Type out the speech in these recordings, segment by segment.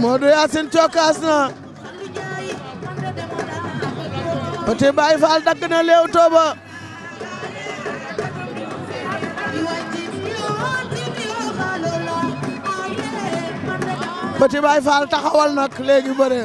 Modou Yacine cokkaas na Petit Baye Fall dagg na léew tooba Petit Baye taxawal nak léegi bëre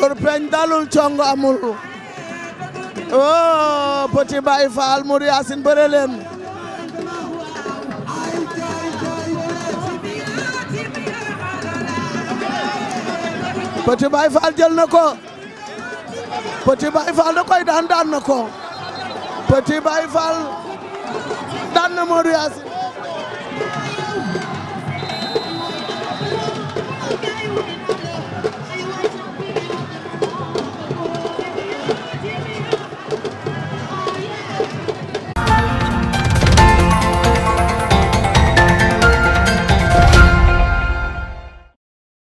góor peñ dalul congo a oh petit baay faal mur yaasin bëre leen petit na ko petit baay faal da na ko petit baay na mur